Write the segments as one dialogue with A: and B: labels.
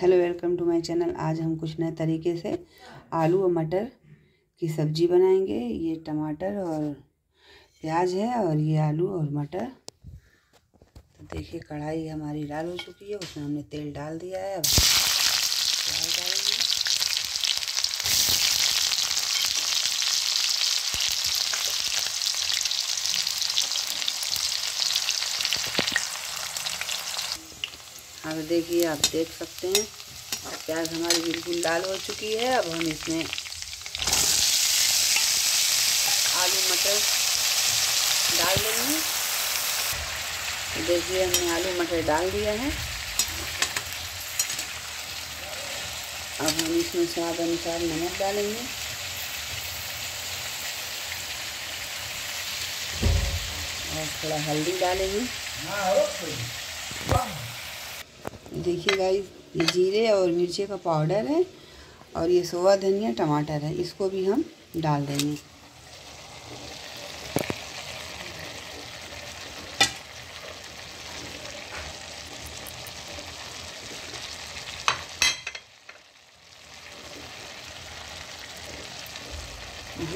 A: hello welcome to my channel आज हम कुछ नए तरीके से आलू और मटर की सब्जी बनाएंगे ये टमाटर और प्याज है और ये आलू और मटर तो देखिए कढ़ाई हमारी लाल हो चुकी है उसमें हमने तेल डाल दिया है अब प्याज डाल अब देखिए आप देख सकते हैं प्याज हमारी बिल्कुल लाल हो चुकी है अब हम इसमें आलू मटर डाल देंगे तो देखिए हमने आलू मटर डाल दिया है अब हम इसमें स्वाद अनुसार नमक डालेंगे और थोड़ा हल्दी डालेंगे हाँ, देखिए गाई ये जीरे और मिर्ची का पाउडर है और ये सोवा धनिया टमाटर है इसको भी हम डाल देंगे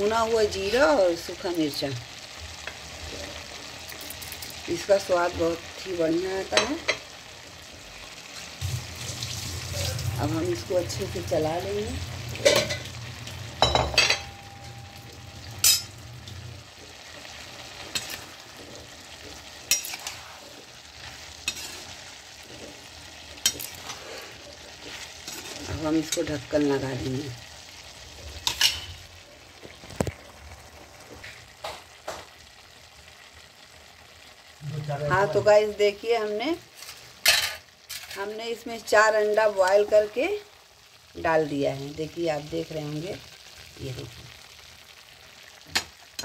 A: भुना हुआ जीरा और सूखा मिर्चा इसका स्वाद बहुत ही बढ़िया आता है अब हम इसको अच्छे से चला लेंगे अब हम इसको ढक्कन लगा देंगे हाँ तो गाइस देखिए हमने हमने इसमें चार अंडा बॉयल करके डाल दिया है देखिए आप देख रहे होंगे ये देखिए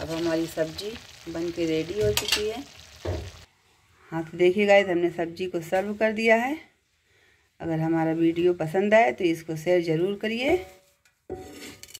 A: अब हमारी सब्जी बन के रेडी हो चुकी है हाँ तो देखिए गाइज हमने सब्जी को सर्व कर दिया है अगर हमारा वीडियो पसंद आए तो इसको शेयर ज़रूर करिए